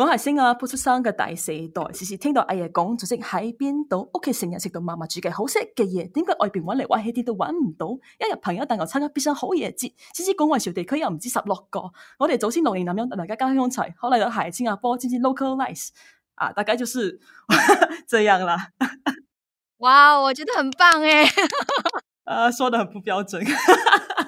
我係新加坡出生嘅第四代，時時聽到阿爺講祖籍喺邊度，屋企成日食到嫲嫲煮嘅好食嘅嘢，點解外邊揾嚟揾起啲都揾唔到？一日朋友帶我參加，但必生好嘢節。先知廣惠肇地區又唔止十六個，我哋早先六年前咁同大家家鄉齊，可能有係新加坡，甚至 localize 啊，大家就是 這樣啦。哇 ，wow，我覺得很棒誒， 啊，說得很不標準。